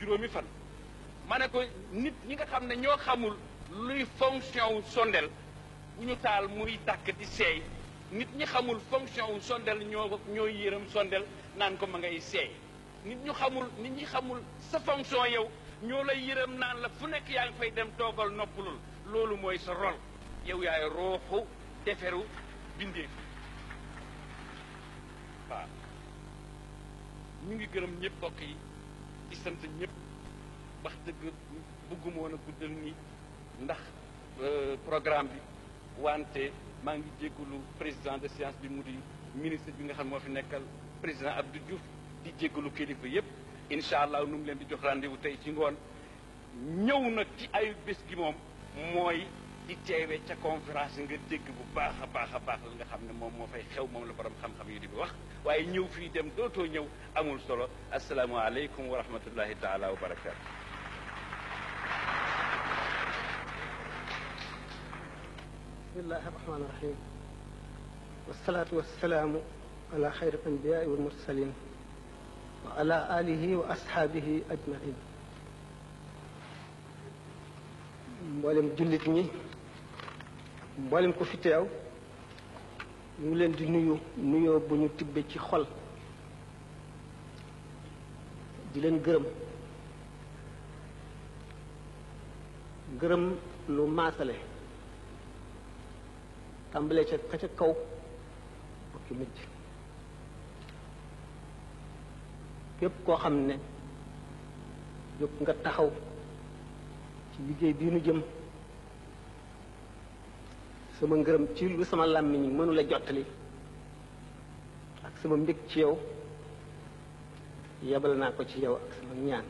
juróomi fan ma ne ko nit ñi nga xam ne ñoo xamul luy fonction wu sondel bu ñu taal muy tàkk di seey nit ñi xamul fonction wu sondel ñoo ñooy yërëm sondel naan ko ma ngay seey nit ñu xamul nit ñi xamul sa fonction yow ñoo lay yërëm naan la fu nekk yaa ngi fay dem toogal noppalul loolu mooy sa rôle yow yaay rooxu deferu bindee waaw ñu ngi gërëm ñëpp mbokk yi di sant ñëpp wax dëgg bëgguma woon a guddal nii ndax euh, programme bi wante maa ngi jégalu président de séance bi mu di ministre bi nga xam moo fi nekkal président Abdou Diouf di jégalu kilifa yëpp incha allah nu mu leen di jox rendez tey ci ngoon ñëw nag ci ay bés gi moom mooy di teewee ca conférence nga dégg bu baax a baax a baax la nga xam ne moom moo fay xew moom la borom xam-xam yu di bi wax waaye ñëw fii dem dootoo ñëw amul solo asalaamualeykum wa rahmatullahi taala wa barakaatu. bismillahi rahmaani rahim wasalaatu wasalaamu ala xayri anbiyaai wal mursalin wa ala alihi wa ashaabihi ajmain mboolem jullit ñi mboolem ko fi teew ñu ngi leen di nuyu nuyoo bu ñu tibbe ci xol di leen gërëm gërëm lu maasale tàmbalee ca ka kaw ba ki képp koo xam ne jóg nga taxaw ci liggéey bii nu jëm sama ngeureum ci lu sama làmmiñ mënula jotali ak sama mbik ci yow yabal na ko ci yow ak sama ñaan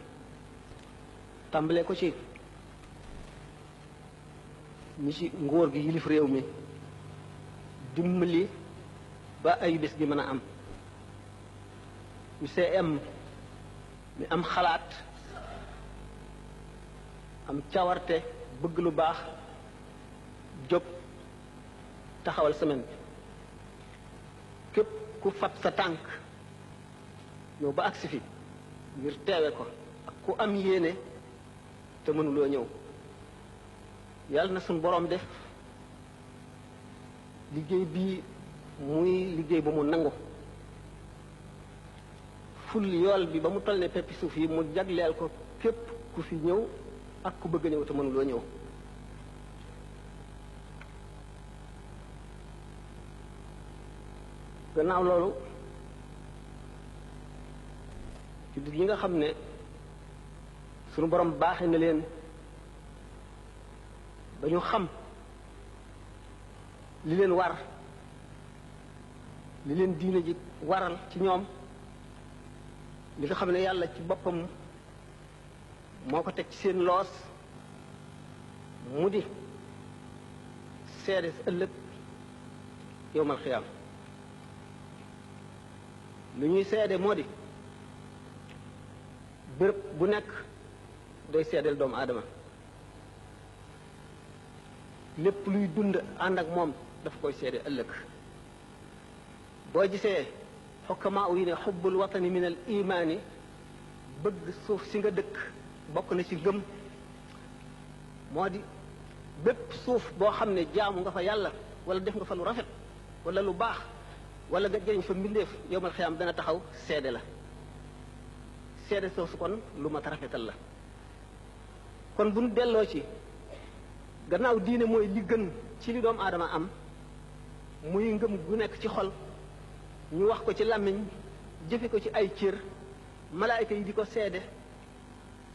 tàmbalee ko ci ni ci ngor gi yilif rew mi dimbali ba ay bis gi am ñu see am mi am xalaat am cawarte bëgg lu baax taxawal semaine bi képp ku fat sa tànk ñëw ba agsi fi ngir teewe ko ak ku am yéene te mënuloo ñëw yàlla na suñ boroom def liggéey bi muy liggéey ba mu nangu ful yool bi ba mu toll ne peppi suuf yi mu jagleel ko képp ku fi ñëw ak ku bëgg ñëw te mënuloo ñëw gannaaw loolu juddit yi nga xam ne sunu borom baaxe na leen ba ñu xam li leen war li leen diine ji waral ci ñoom li nga xam ne yàlla ci boppam moo ko teg ci seen loos mu di seede ëllëg yowmal xiyaam lu ñuy seede moo di béréb bu nekk day seedeel doomu aadama lépp luy dund ànd ak moom dafa koy seede ëllëg boo gisee xukkamaa yi ne xubbul watani minal imaani bëgg suuf si nga dëkk bokk na ci ngëm moo di bépp suuf boo xam ne jaamu nga fa yàlla wala def nga fa lu rafet walla lu baax wala nga jëriñ fa mbindeef yowmal xiyaam dana taxaw seede la seede soosu kon lu ma a rafetal la kon bu nu delloo ci gannaaw diine mooy li gën ci li doomu aadama am muy ngëm gu nekk ci xol ñu wax ko ci làmmiñ jëfe ko ci ay cër malaayka yi di ko seede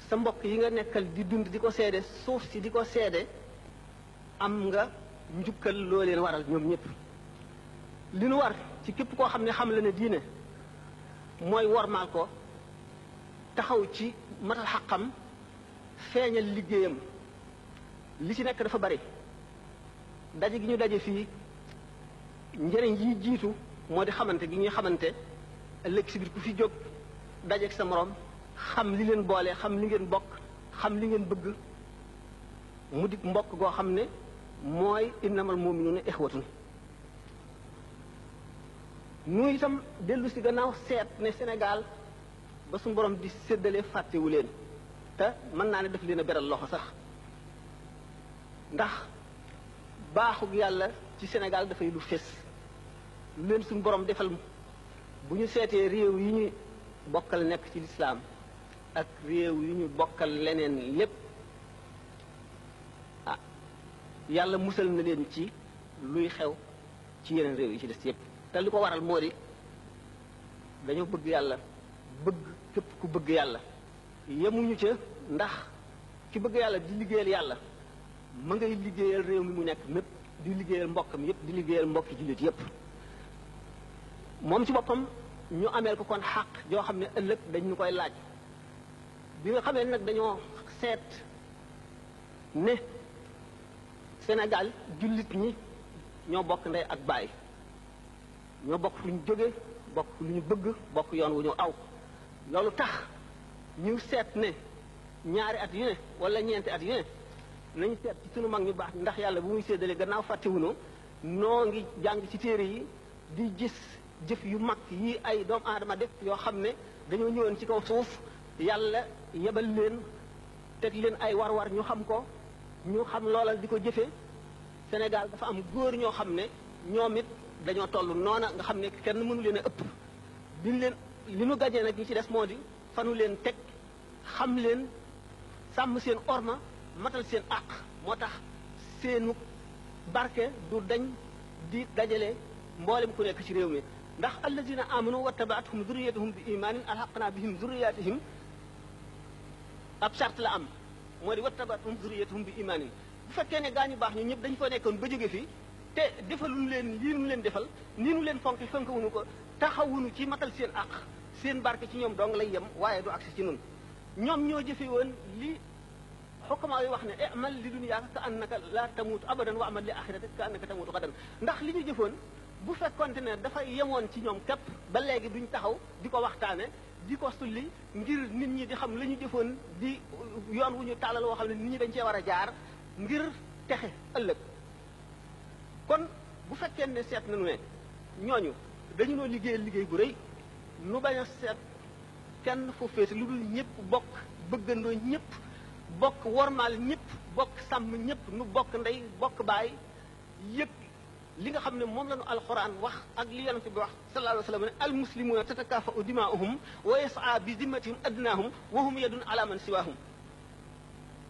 sa mbokk yi nga nekkal di dund di ko seede suuf si di ko seede am nga njukkal loo leen waral ñoom ñëpp li nu war ci képp koo xam ne xam la ne diine mooy wormaal ko taxaw ci matal xaqam feeñal liggéeyam li ci nekk dafa bari daje gi ñu daje fii njëriñ yi jiitu moo di xamante gi ñuy xamante ëllëg si biir ku fi jóg dajeeg sa moroom xam li leen boole xam li ngeen bokk xam li ngeen bëgg mu di mbokk goo xam ne mooy innamal mu'minuuna ixwatun nu itam dellu si gannaaw seet ne Sénégal ba suñu borom di séddale fàttewu leen te mën naa ne daf leen a beral loxo sax ndax baaxug yàlla ci Sénégal dafay lu fés lu leen suñu borom defal bu ñu seetee réew yi ñu bokkal nekk ci lislaam ak réew yi ñu bokkal leneen lépp ah yàlla musal na leen ci luy xew ci yeneen réew yi ci des yépp te li ko waral moo di dañoo bëgg yàlla bëgg képp ku bëgg yàlla yemuñu ca ndax ki bëgg yàlla di liggéeyal yàlla ma ngay liggéeyal réew mi mu nekk mépp di liggéeyal mbokkam yépp di liggéeyal mbokki jullit yépp moom ci boppam ñu amee ko kon xàq yoo xam ne ëllëg dañ koy laaj bi nga xamee nag dañoo seet ne Sénégal jullit ñi ñoo bokk ndey ak baay ñoo bokk fu ñu jóge bokk lu ñu bëgg bokk yoon wu ñu aw loolu tax ñu seet ne ñaari at yu ne wala ñeenti at yu ne nañu seet ci sunu mag ñu baax ndax yàlla bu muy séddalee gannaaw fàttewuñu noo ngi jàng ci téere yi di gis jëf yu mag yi ay doomu aadama def yoo xam ne dañoo ñëwoon ci kaw suuf yàlla yebal leen teg leen ay war-war ñu xam ko ñu xam loolal di ko jëfe Sénégal dafa am góor ñoo xam ne ñoom it dañoo toll noona nga xam ne kenn mënu leen a ëpp liñ leen li nu gàñee nag ñi ci des moo di fanu leen teg xam leen sàmm seen orma matal seen àq moo tax seenu barke du dañ di dajale mboolem ku nekk ci réew mi ndax allazina amanu wa tabaatuhum zurriyatuhum bi imaanin alxaqna bihim zurriyatihim ab charte la am moo di wa tabaatuhum zurriyatuhum bi imaanin bu fekkee ne gaa ñu baax ñu ñëpp dañu fa nekkoon ba jóge fii te defaluñu leen lii nu leen defal ni nu leen fonk fonk wuñu ko taxawuñu ci matal seen àq seen barke ci ñoom dong lay yem waaye du agsi ci nun ñoom ñoo jëfe woon li xukkamaa yi wax ne amal li dunyaaka ka annaka la tamuutu abadan wa amal li axiratika ka annaka tamuutu xadan ndax li ñu jëfoon bu fekkonte ne dafa yemoon ci ñoom képp ba léegi duñ taxaw di ko waxtaane di ko sulli ngir nit ñi di xam la ñu jëfoon di yoon wu ñu tàllal woo xam ne nit ñi war a jaar ngir texe ëllëg kon bu fekkene set nañu ne ñooñu dañu no liggéey liggéey bu reuy nu baña set kenn fu fess lu dul ñëpp bok bëggandoo ñëpp bok wormal ñëpp bok sam ñëpp nu bok nday bok bay yëg li nga xamne mom lañu alquran wax ak li yonente bi wax sallallahu alayhi wasallam al ne almuslimuuna dima'uhum wa yas'a bi zimmatihim adnahum wa hum yadun ala man siwahum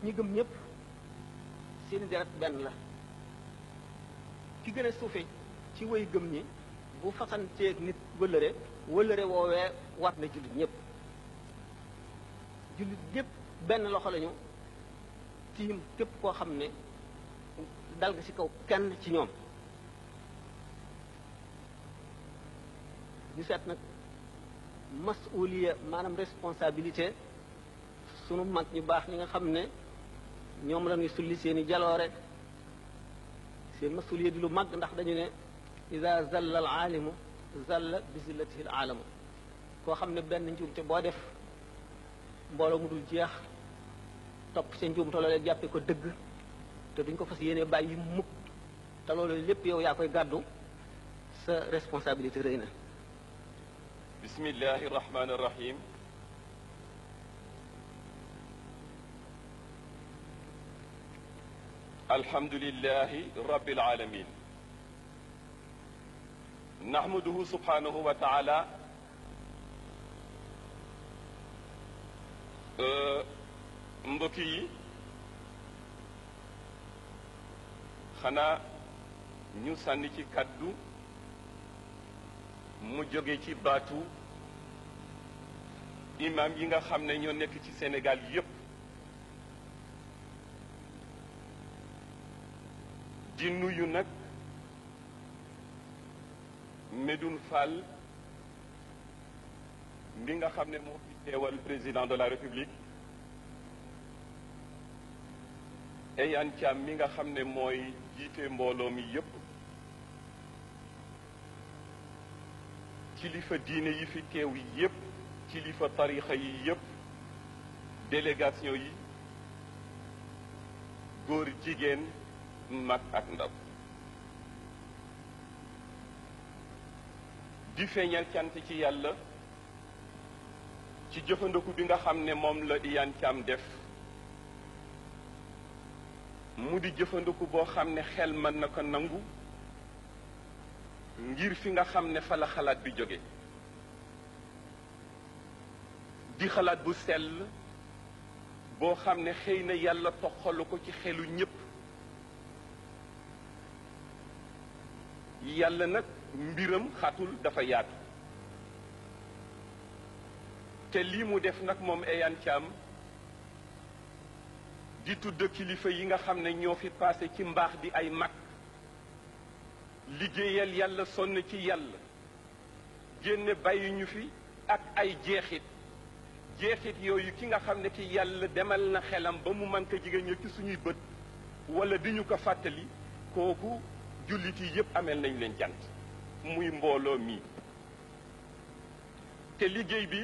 ñi gëm ñëpp seen deret ben la ki gën a ci way gëm ñi bu fasanteeg nit wëllëre wëllëre woowee wat na jullit ñëpp jullit benn loxo lañu tiim képp koo xam ne dal nga ci kaw kenn ci ñoom ñu seet nag masuliya maanaam responsabilité sunu mag ñu baax ñi nga xam ne ñoom la ñuy sulli seeni jaloore سي مسؤوليه دي لو ماغ ناخ داني ني اذا زل العالم زل بزلته العالم كو خامني بن نجوم تي بو ديف مبولو مودول جيخ توب سي نجوم تولال جابي كو دغ تو دنج كو فاس يينه باي موك تا لولو ليپ يو ياكاي غادو سا ريسبونسابيلتي رينا بسم الله الرحمن الرحيم الحمد لله رب العالمين نحمده سبحانه وتعالى مبكي yi xanaa ñu sànni ci kàddu mu jóge ci baatu imam yi nga xam ñoo nekk ci Sénégal yépp di nuyu nag Medoune Fall mi nga xam ne moo fi teewal président de la république Eyan Thiam mi nga xam ne mooy jiite mbooloo mi yépp kilifa diine yi fi teew yépp kilifa tarixa yi yépp délégation yi góor jigéen mag ak ndaw di feeñal cant ci yàlla ci jëfandiku bi nga xam ne moom la Iyane Thiam def mu di jëfandiku boo xam ne xel mën na ko nangu ngir fi nga xam ne fa la xalaat bi jóge di xalaat bu sell boo xam ne xëy na yàlla toqalu ko ci xelu ñépp yàlla nag mbiram xatul dafa yaatu te lii mu def nag moom Eyane Thiam di tudd kilifa yi nga xam ne ñoo fi passé ci mbaax di ay mag liggéeyal yàlla sonn ci yàlla génne bàyyi ñu fi ak ay jeexit jeexit yooyu ki nga xam ne ki yàlla demal na xelam ba mu mën ko jigéen ñi ci suñuy bët walla di ñu ko fàttali kooku jullit yi yëpp ameel nañu leen jant muy mbooloo mi te liggéey bi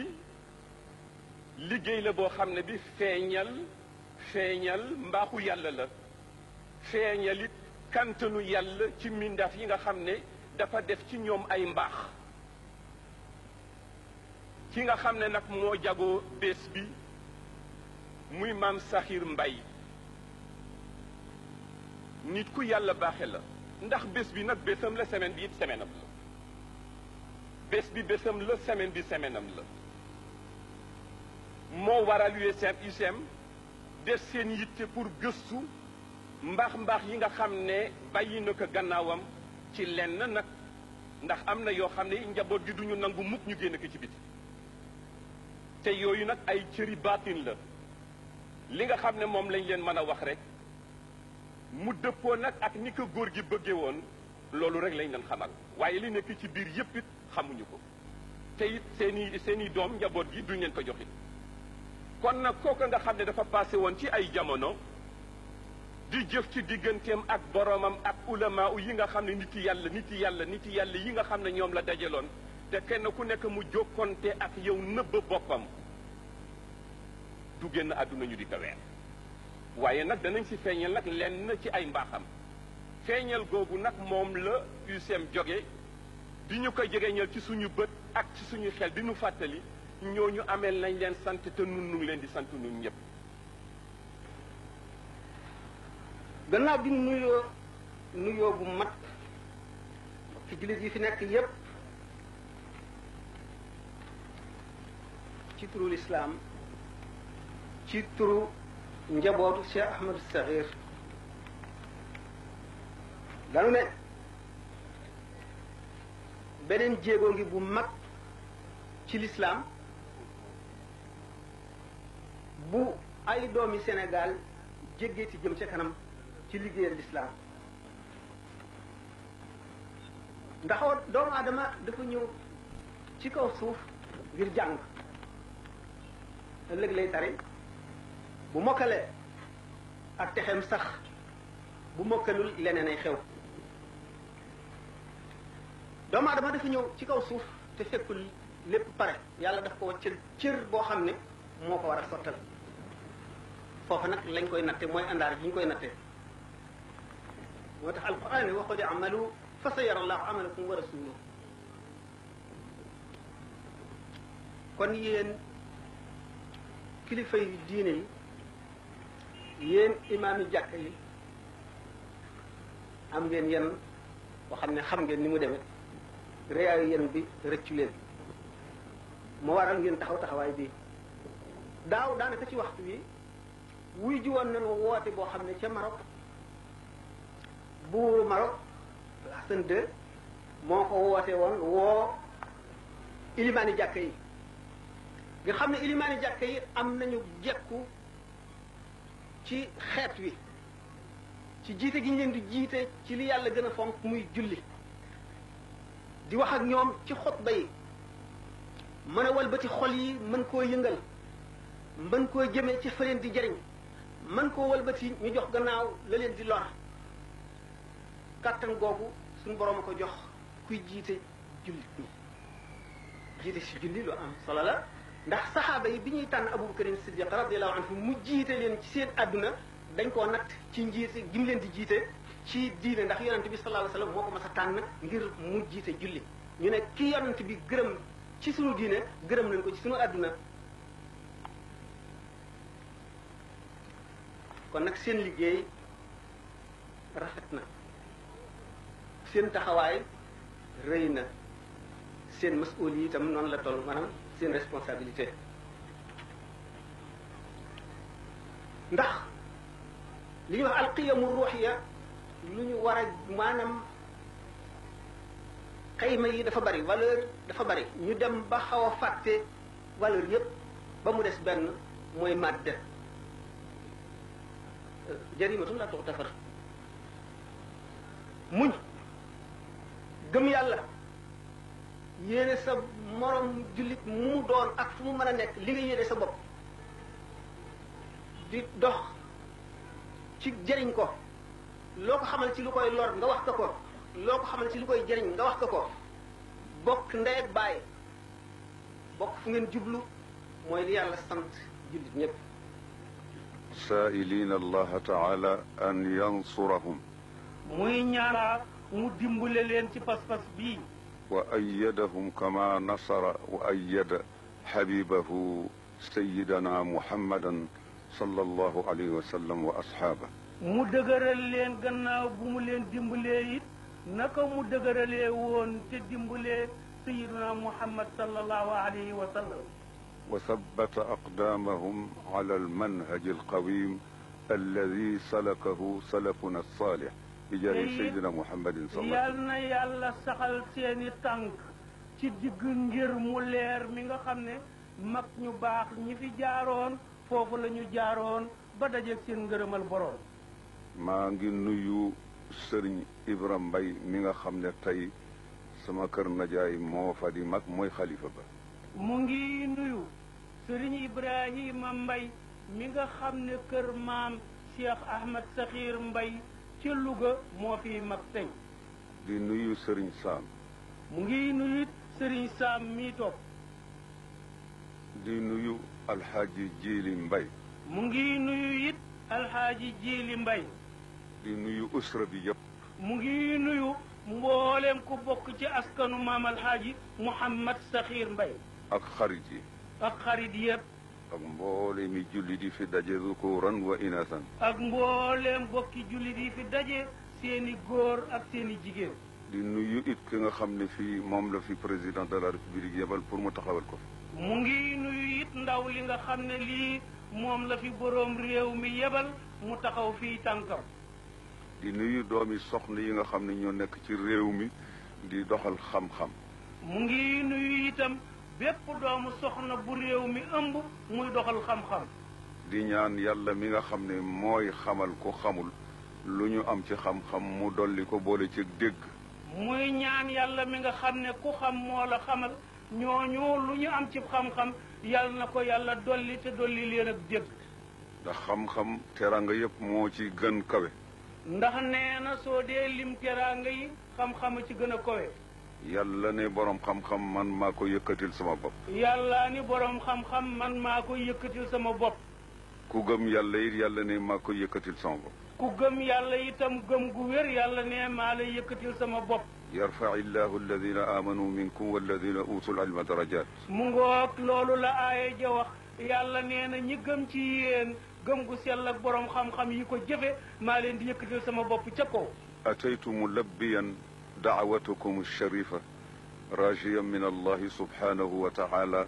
liggéey la boo xam ne bi feeñal feeñal mbaaxu yàlla la feeñalit it kantanu yàlla ci mbindaaf yi nga xam ne dafa def ci ñoom ay mbaax ki nga xam ne nag moo jagoo bés bi muy maam Saxiir Mbay nit ku yàlla baaxe la ndax bés bi nag bésam la semaine bi it semaine am la bés bi bésam la semaine bi semaine am la moo waral UCM def seen yitte pour gëstu mbaax mbaax yi nga xam ne bàyyi na ko gannaawam ci lenn nag ndax am na yoo xam ne njaboot gi duñu nangu mukk ñu génn ko ci biti te yooyu nag ay cëri baatin la li nga xam ne moom lañ leen mën a wax rek mu dëppoo nag ak ni ko góor gi bëggee woon loolu rek lañ leen xamal waaye li nekk ci biir yëpp it xamuñu ko te seeni seeni doom njaboot gi duñ leen ko joxit kon nag kooku nga xam ne dafa passé woon ci ay jamono di jëf ci digganteem ak boromam ak ulama yi nga xam ne nit yàlla nit yàlla nit yàlla yi nga xam ne ñoom la dajaloon te kenn ku nekk mu jokkonte ak yow nëbb boppam du génn àdduna ñu di ko weer waaye nag danañ si feeñal nag lenn ci ay mbaaxam feeñal googu nag moom la UCM jóge di ñu ko jegeñal ci suñu bët ak ci suñu xel di fàttali fàttali ñu amee nañ leen sant te nun nu ngi leen di sant nun ñëpp gannaaw bi nuyoo nuyoo bu mat ci jullit yi fi nekk yépp ci turu lislaam ci turu njabootu Cheikh Ahmadou Saxiir danu ne beneen jéego ngi bu mag ci lislaam bu ay doomi Sénégal jéggeeti jëm ca kanam ci liggéeyal lislaam ndax doomu aadama dafa ñëw ci kaw suuf ngir jàng ëllëg lay tari bu mokkalee ak texem sax bu mokkalul leneen ay xew doomu aadama dafa ñëw ci kaw suuf te fekkul lépp pare yàlla daf ko wàccal cër boo xam ne moo ko war a sottal foofa nag lañ koy natte mooy àndaar bi ñu koy natte moo tax alquran ne waxul amalu fa sa yara allahu amalakum wa rasuluhu kon yéen kilifa yi diine yi yéen imaam yi jàkk yi am ngeen yenn boo xam ne xam ngeen ni mu demee réyaayu yan bi rëccu leen moo waral ngeen taxaw taxawaay bii daaw daanaka ci waxtu wi wuy ji woon nañu woote boo xam ne ca Maroc buuru Maroc Hassan II moo ko woote woon woo ilimaani jàkk yi nga xam ne ilimaani jàkk yi am nañu jekku ci xeet wi ci jiite gi ñu leen di jiite ci li yàlla gën a fonk muy julli di wax ak ñoom ci xutba yi mën a walbati xol yi mën koo yëngal mën koo jëmee ci fa leen di jëriñ mën koo walbati ñu jox gannaaw la leen di lor kàttan googu suñu borom a ko jox kuy jiite julli ñi jiite si julli lu am solo la ndax saxaaba yi bi ñuy tànn abubakarin siddiq radiallahu anhu mu jiite leen ci seen àdduna dañ koo natt ci njiite gi leen di jiite ci diine ndax yonent bi sallallahu alayhi wasallam moo ko mas a tànn ngir mu jiite julli ñu ne ki yonent bi gërëm ci sunu diine gërëm nañ ko ci sunu àdduna kon nag seen liggéey rafet na seen taxawaay rëy na seen mas'ul yi tam noonu la toll maanaam seen responsabilité ndax li ñuy wax alqiyamu ruuxiya lu ñu war a maanaam xayma yi dafa bari valeur dafa bari ñu dem ba xaw a fàtte valeur yépp ba mu des benn mooy madde jarimatun la tafar muñ gëm yàlla yéene sa morom jullit mu doon ak fu mu mën a nekk li nga yéene sa bopp di dox ci jëriñ ko loo ko xamal ci lu koy lor nga wax ko ko loo ko xamal koy jëriñ nga wax ko bokk ndey ak bàyyi bokk fu ngeen jublu mooy li yàlla sant jullit ñëpp saa'iliina allaha taala an yansurahum muy ñaanaa mu dimbale leen ci pas-pas bii وأيدهم كما نصر وأيد حبيبه سيدنا محمدا صلى الله عليه وسلم وأصحابه مدقر مدغر لين غنا بوملين ديمبلي نكا مدغر ليون دمبلي سيدنا محمد صلى الله عليه وسلم وثبت أقدامهم على المنهج القويم الذي سلكه سلفنا الصالح bijari sayyidina muhammadin sallallahu alaihi wasallam yal yalla saxal seeni ci digg ngir mu leer mi nga ñu baax ñi sama kër najaay mo fa di mak moy khalifa ba mu ngi nuyu ibrahim mbay mi nga xamne kër cheikh ahmad Sakhir mbay ca Louga moo fi mag tey di nuyu sëriñ saam mu ngi nuyu sëriñ saam mii toog di nuyu alxaaji jiili mbay mu ngi nuyu it alxaaji jiili mbay di nuyu usra bi yëpp mu ngi nuyu mbooleem ku bokk ci askanu maam alxaaji muhammad saxiir mbay ak xarit yi ak xarit yëpp ak mboole i jullit yi fi daje zukuran wa inasan ak mboolem bokki jullit yi fi daje seeni góor ak seeni jigéen di nuyu it ki nga xam ne fii moom la fi président de la république yebal pour mu taxawal ko fi mu ngi nuyu it ndaw li nga xam ne lii moom la fi boroom réew mi yebal mu taxaw fii tànkam di nuyu doomi soxna yi nga xam ne ñoo nekk ci réew mi di doxal xam-xam mu ngi nuyu itam bépp doomu soxna bu réew mi ëmb muy doxal xam-xam di ñaan yàlla mi nga xam ne mooy xamal ku xamul lu ñu am ci xam-xam mu dolli ko boole ci dégg muy ñaan yàlla mi nga xam ne ku xam moo la xamal ñooñu lu ñu am ci xam-xam yàlla na ko yàlla dolli te dolli leen ak dégg ndax xam-xam teraanga yépp moo ci gën kawe ndax nee na soo dee lim teraanga yi xam-xam ci gën a kawe yàlla ne borom xam-xam man maa ko yëkkatil sama bopp. yàlla ne borom xam-xam man maa ko yëkkatil sama bopp. ku gëm yàlla it yàlla ne maa ko yëkkatil sama bopp. ku gëm yàlla itam gëm gu wér yàlla ne maa lay yëkkatil sama bopp. yarfa illahu alladina amanu minkum walladina utul ilma darajat. mu ngoog loolu la aaya ja wax yàlla nee na ñi gëm ci yéen gëm gu sell ak borom xam-xam yi ko jëfe maa leen دعوتكم الشريفة راجيا من الله سبحانه وتعالى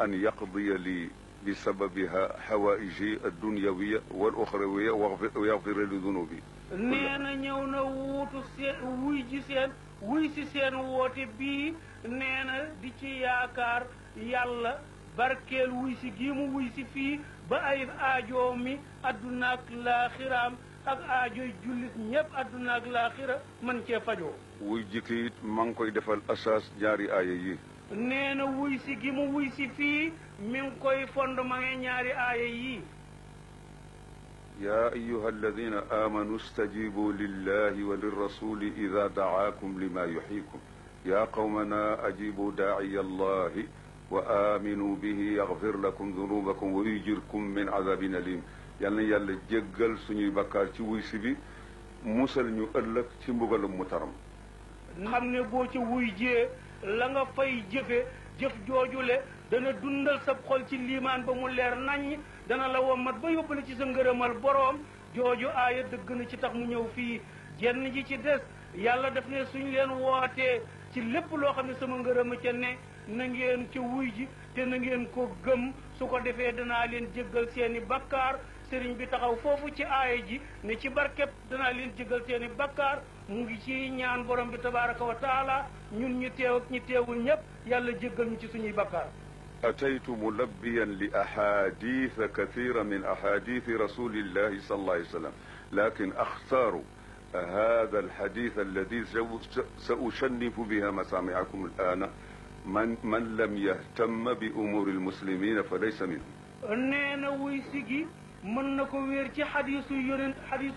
أن يقضي لي بسببها حوائجي الدنيوية والأخروية ويغفر لذنوبي نينا نيو نووت ويجي سين ويسي سين ووت بي نينا ديكي ياكار يالا باركيل ويسي جيم ويسي في بأير آجومي أدناك لاخرام أك آجو جوليت نيب أدناك لا لاخرة من كيف أجوم wuy jikki it maa ngi koy defal asaas ñaari aaya yi nee na wuy si gi mu wuy si fii يا أيها الذين آمنوا استجيبوا لله وللرسول إذا دعاكم لما يحييكم يا قومنا أجيبوا داعي الله وآمنوا به يغفر لكم ذنوبكم ويجركم من عذاب أليم يلا يلا جقل سني بكار تي بي مسل ني ألك تي مبغل مترم xam ne boo ca wuy jiyee la nga fay jëfe jëf joojule dana dundal sa xol ci liimaan ba mu leer naññ dana la mat ba yóbbale ci sa ngërëmal boroom jooju aaya dëgg na ci tax mu ñëw fii jenn ji ci des yàlla def ne suñ leen wootee ci lépp loo xam ne sama ngërëma ca ne na ngeen ca wuy ji te na ngeen ko gëm su ko defee danaa leen jéggal seeni bakkaar sëriñ bi taxaw foofu ci aaya ji ne ci barkeb danaa leen jéggal seeni bakkaar اتيت ملبيا لاحاديث كثيره من احاديث رسول الله صلى الله عليه وسلم لكن اختار هذا الحديث الذي ساشنف بها مسامعكم الان من من لم يهتم بامور المسلمين فليس منهم نانا ويسيغي من نكو ويرتي حديث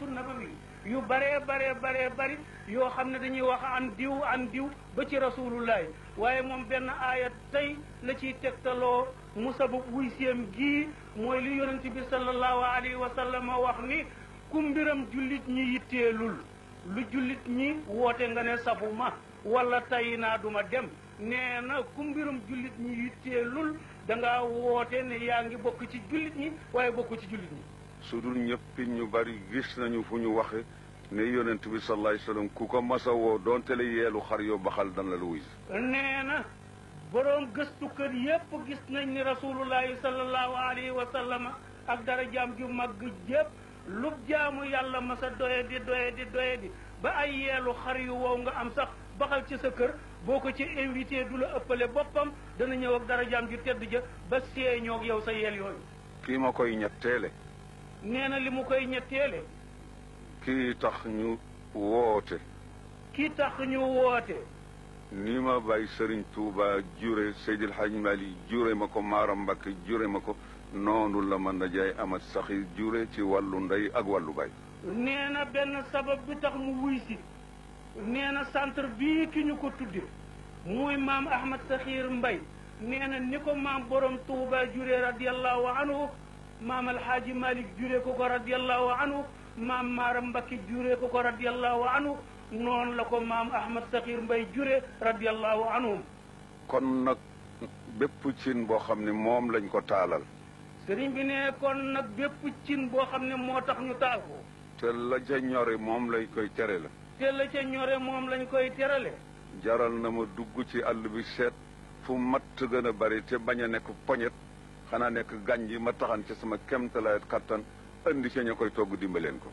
النبوي yu baree baree baree bari yoo xam ne dañuy wax an diw an diw ba ci rasulullahi waaye moom benn aaya tey la ciy tegtaloo mu sabab wuy siyam gii mooy li yonent bi sallallahu alayhi wa sallam wax ni ku mbiram jullit ñi yitteelul lu jullit ñi woote nga ne ma wala tay naa duma dem nee na ku mbiram jullit ñi yitteelul da ngaa woote ne yaa ngi bokk ci jullit ñi waaye bokk ci jullit ñi su dul ñëpp ñu bari gis nañu fu ñu waxe ne yonent bi sallallahu alayhi wasallam ku ko masa doonte la yeelu xar yoo baxal dan la lu wuy nee na boroom gëstu kër yépp gis nañ ni rasulullahi sallallahu alayhi wa sallam ak dara jaam ju màgg jépp lu jaamu yàlla ma sa di doye di doye di ba ay yeelu xar yu wow nga am sax baxal ci sa kër boo ko ci invité du la ëppale boppam dana ñëw ak dara jaam ju tedd ja ba seeñoog yow sa yeel yooyu kii ma koy ñetteele nee li mu koy ñetteele kii tax ñu woote kii tax ñu woote ni ma bàyyi Sëriñ Tuuba jure Seydil Haj Mali jure ma ko Maaram mbakk jure ma ko noonu la mën na jaay amat saxi jure ci wàllu ndey ak wàllu baay nee benn sabab bi tax mu wuy si nee na centre bii ki ñu ko tudde muy maam Ahmad Saxiir Mbay nee na ni ko maam borom Tuuba jure radiallahu anhu maam alxaaji malik juree ko ko radiallahu anhu maam maaram mbakki juree ko ko radiallahu anhu noonu la ko maam ahmad saxir mbay jure radiallahu anhum kon nag bépp cin boo xam ne moom lañ ko taalal sëriñ bi ne kon nag bépp cin boo xam ne moo tax ñu taal ko te la ca ñore moom lañ koy tere la te ca ñore moom lañu koy terale jaral na ma dugg ci àll bi seet fu matt gën a bari te bañ a nekk poñet xanaa nekk gànj ma taxan ci sama kemtalaayat katan andi ci ñakoy koy togg dimbaleen ko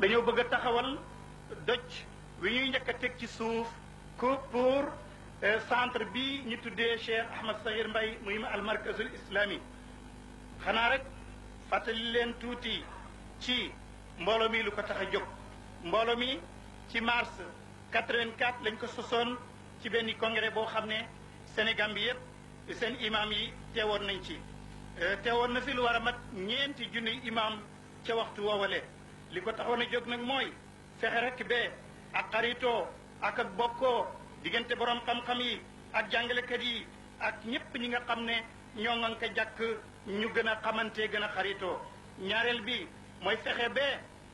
dañoo bëgg taxawal doj wi ñuy njëkk a teg ci suuf ko pour centre bi ñu tuddee Cheikh Ahmad Sahir Mbay muy ma al markazul islami xanaa rek fàttali leen tuuti ci mbooloo mi lu ko tax a jóg mbooloo mi ci mars 84 lañ ko sosoon ci benn congrès boo xam ne Sénégal bi yëpp seen imam yi teewoon nañ ci euh, te woon na fi lu war a mat ñeenti junni imam ca waxtu woowale li ko taxoon a jóg nag mooy fexe rek ba ak xaritoo ak ak bokkoo diggante borom xam-xam yi ak jàngalekat yi ak ñëpp ñi nga xam ne ñoo ngi ko jàkk ñu gën a xamante gën a xaritoo ñaareel bi mooy fexe ba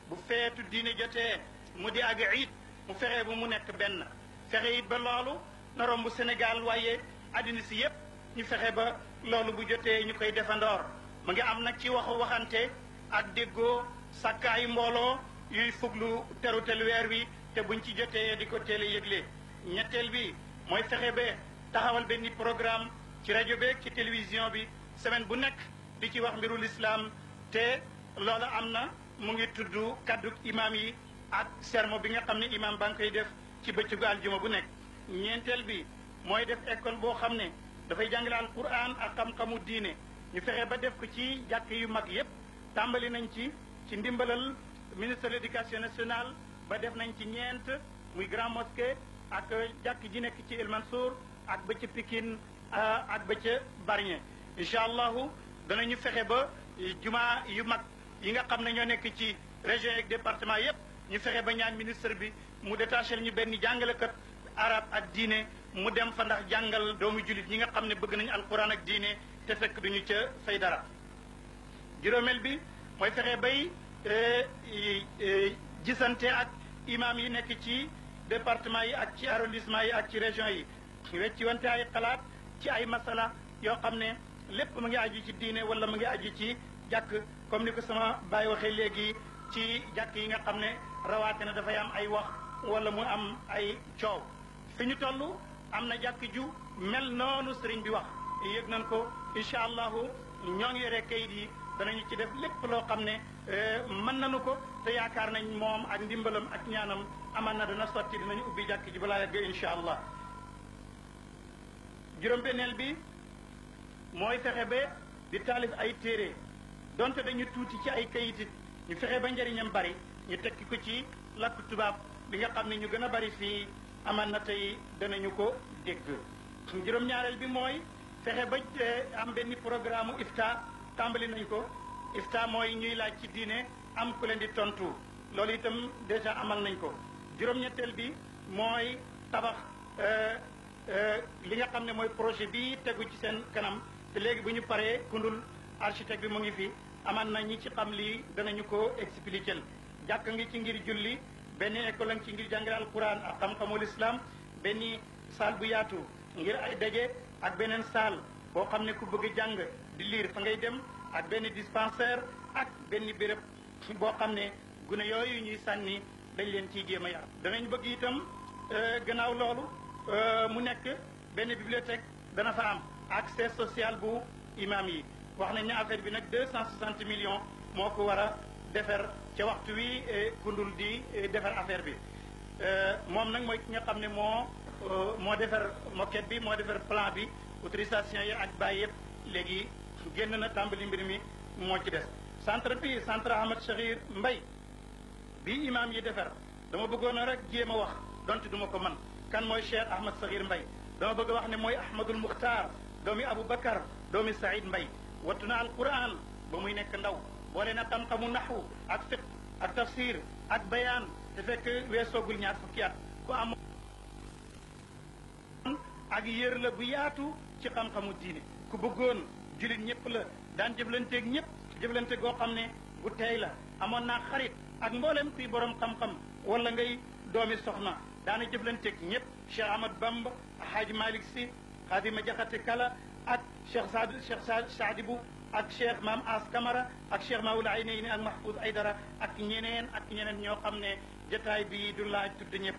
bu feetu diine jotee mu di ak iid mu fexe bu mu nekk benn fexe it ba loolu na romb Sénégal waaye addina si yépp ñu fexe ba loolu bu jotee ñu koy defandoor mu ngi am nag ci waxu waxante ak déggoo sàkkaayu mbooloo yuy fuglu terutel weer wi te buñ ci jotee di ko teel a yëgle ñetteel bi mooy fexe ba taxawal benn programme ci rajo beeg ci télévision bi semaine bu nek di ci wax mbiru lislaam te loola amna mu ngi tuddu kaddu imam yi ak sermo bi nga xam imam bankay def ci bëccëgu aljuma bu nek ñentel bi moy def école boo xam ne dafay jàngale alquran ak xam-xamu diine ñu fexé ba def ko ci jàkk yu mag yépp tàmbali nañ ci ci ndimbalal ministre de l'éducation nationale ba def nañ ci ñent muy grand mosquée ak jàkk ji nekk ci El Mansour ak ba Pikine ak ba ca Barñe incha allahu ñu fexe ba jumaa yu mag yi nga xam ne ñoo nekk ci région ak département yépp ñu fexe ba ñaan ministre bi mu détaché ñu benn jàngalekat arab ak diine mu dem fa ndax jàngal doomu jullit ñi nga xam ne bëgg nañu alquran ak diine te fekk duñu ca fay dara juróomeel bi mooy fexe bay euh, euh, gisante ak imam yi nekk ci département yi ak ci arrondissement yi ak ci région yi ci wante ay xalaat ci ay masala yoo xam ne lépp mu ngi aji ci diine wala mu ngi aji ci jàkk comme ni ko sama baay waxee léegi ci jàkk yi nga xam ne rawaate na dafay am ay wax wala mu am ay coow fi ñu toll am na jàkk ju mel noonu sëriñ bi wax yëg nañ ko incha allahu ñoo ngi yore kayit yi ñu ci def lépp loo xam ne euh, mën nañu ko te yaakaar nañ moom ak ndimbalam ak ñaanam aman na dana sotti dinañu ubbi jàkk ji balaa yàgg incha allah juróom-benneel bi mooy fexe ba di taalif ay téere donte dañu tuuti ci ay kayitit ñu fexe ba njëriñam bari ñu tekki ko ci làkku tubaab li nga xam ne ñu gën a bari fii amaan na tey danañu ko dégg juróom-ñaareel bi mooy fexe ba eh, am benn programme u ifta tàmbali nañ ko ifta mooy ñuy laaj ci diine am ku leen di tontu loolu itam déjà amal nañ ko juróom-ñetteel bi mooy tabax eh, eh, li nga xam ne mooy projet bi tegu ci seen kanam te léegi bu ñu paree kundul architecte bi mu ngi fi amaan nañ ñi ci xam lii danañu ko expliquer jàkk ngi ci ngir julli benn école ngi ci ngir jàngale alquran ak xam-xamul islam benn saal bu yaatu ngir ay daje ak beneen saal boo xam ne ku bëgg jàng di liir fa ngay dem ak benn dispensaire ak benn béréb boo xam ne gune yooyu ñuy sànni dañ leen ci jéem a yar danañ bëgg itam euh, gannaaw loolu euh, mu nekk benn bibliothèque dana fa am accès social pour imam yi wax affaire millions moo ko war a waxtu wi eh, kundul di eh, defar affaire bi eh, moom nga ne moo moo defar bi moo defar plan bi autorisation yi ak na des centre centre Ahmed Saghir Mbay bi imam yi dama rek wax donte ko man kan Cheikh Ahmed Mbay bëgg doomi Abu Bakar doomi Saïd Mbay wattu na alquran ba muy nekk ndaw boole na xam-xamu naxu ak fiq ak tafsir ak bayaan te fekk weesoogul ñaar fukki at ku am ak yër la bu yaatu ci xam-xamu diine ku bëggoon jullit ñëpp la daan jëflanteeg ñëpp jëflante goo xam ne bu teey la amoon naa xarit ak mboolem kuy borom xam-xam wala ngay doomi soxna daana jëflanteeg ñëpp Cheikh Ahmad Bamba Hadj Malick Sy Xaadima Jaxate Kala ak Cheikh Saad Cheikh Saadibu ak Cheikh Maam As Kamara ak Cheikh Maoul Aynayni ak Mahfouz Aydara ak ñeneen ak ñeneen ñoo xam ne jataay bi du laaj tudd ñëpp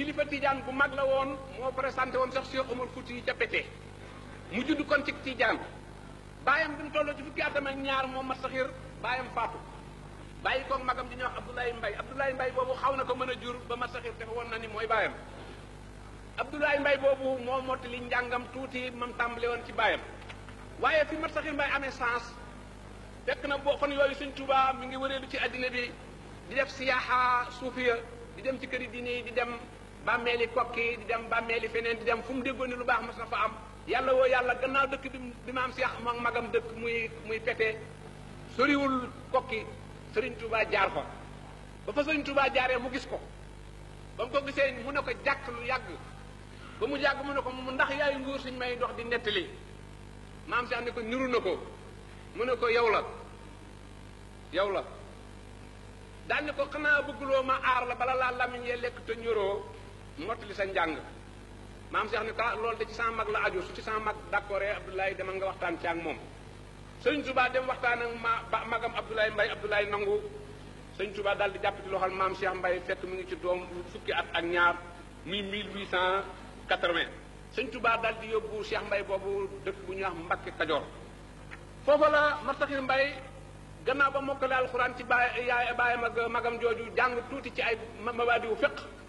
kilifa tijaan bu mag la woon moo présenté woon sax Cheikh Omar Fouti ci Pété mu judd kon ci tijaan bayam bi mu ci fukki atam ñaar ma saxir bayam faatu bàyyi ko magam di ñuy wax Abdoulaye mbay Abdoulaye mbay boobu xaw na ko mën a jur ba ma saxir te woon na ni mooy bayam Abdoulaye Mbaye boobu moo li njàngam tuuti mam tàmbale woon ci bayam waaye fi ma saxir mbay amee sens fekk na boo fan yooyu suñ Touba mi ngi wëreelu ci àddina bi di def siyaaxa suufiya di dem ci këri di dem bàmmeeli kokki yi di dem bàmmeeli feneen di dem fu mu déggoon lu baax mos na fa am yàlla woo yàlla gannaaw dëkk bi bi maam Seex moom magam dëkk muy muy pete soriwul kokki Sëriñ Tuubaa jaar fa ba fa Sëriñ Tuubaa gis ko ba mu ko gisee mu ne ko jàkk lu yàgg ba mu jàgg mu ne ko mu ndax yaay nguur suñ may dox di nettali maam Seex ne ko niru na ko mu ne ko yow la yow la daal ne ko xanaa bëgguloo ma aar la bala laa lamiñ lekk te mottali sa njàng maam Cheikh ni ka ah, loolu de ci saa mag la aju su ci sama mag d'accord Abdoulaye demal nga waxtaan ci ak moom sëñ Touba dem waxtaan ak ma ba magam Abdoulaye Mbaye Abdoulaye nangu sëñ Touba dal di jàpp ci loxol maam Cheikh Mbaye fekk mu ngi ci doom fukki at ak ñaar muy 1880 sëñ Touba daal di yóbbu seex mbay boobu dëkk bu ñuy wax Mbakke Kajoor foofa la Martaxir Mbaye gannaaw ba mokkale alxuraan ci baay yaay baayam ak magam jooju jàng tuuti ci ay mabaadiwu fiq